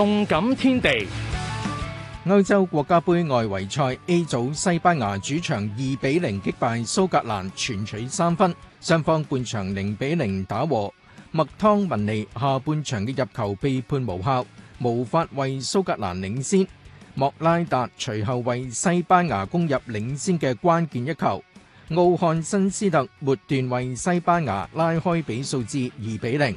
動感天地，歐洲國家杯外圍賽 A 組，西班牙主場二比零擊敗蘇格蘭，全取三分。雙方半場零比零打和，麥湯文尼下半場嘅入球被判無效，無法為蘇格蘭領先。莫拉達隨後為西班牙攻入領先嘅關鍵一球，奧漢辛斯特末段為西班牙拉開比數至二比零。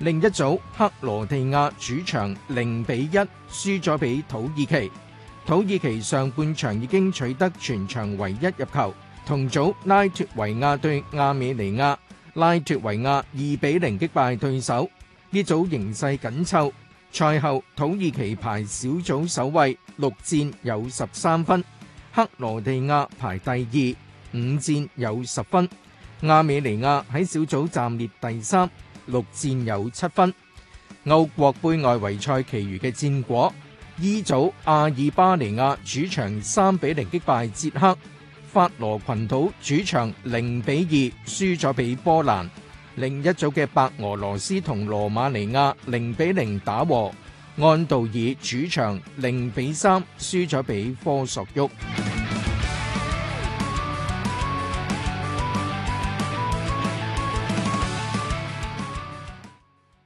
另一組克羅地亞主場零比一輸咗畀土耳其，土耳其上半場已經取得全場唯一入球。同組拉脫維亞對亞美尼亞，拉脫維亞二比零擊敗對手。呢組形勢緊湊，賽後土耳其排小組首位，六戰有十三分；克羅地亞排第二，五戰有十分；亞美尼亞喺小組暫列第三。六戰有七分，歐國杯外圍賽其餘嘅戰果：E 組阿爾巴尼亞主場三比零擊敗捷克，法羅群島主場零比二輸咗俾波蘭，另一組嘅白俄羅斯同羅馬尼亞零比零打和，安道爾主場零比三輸咗俾科索沃。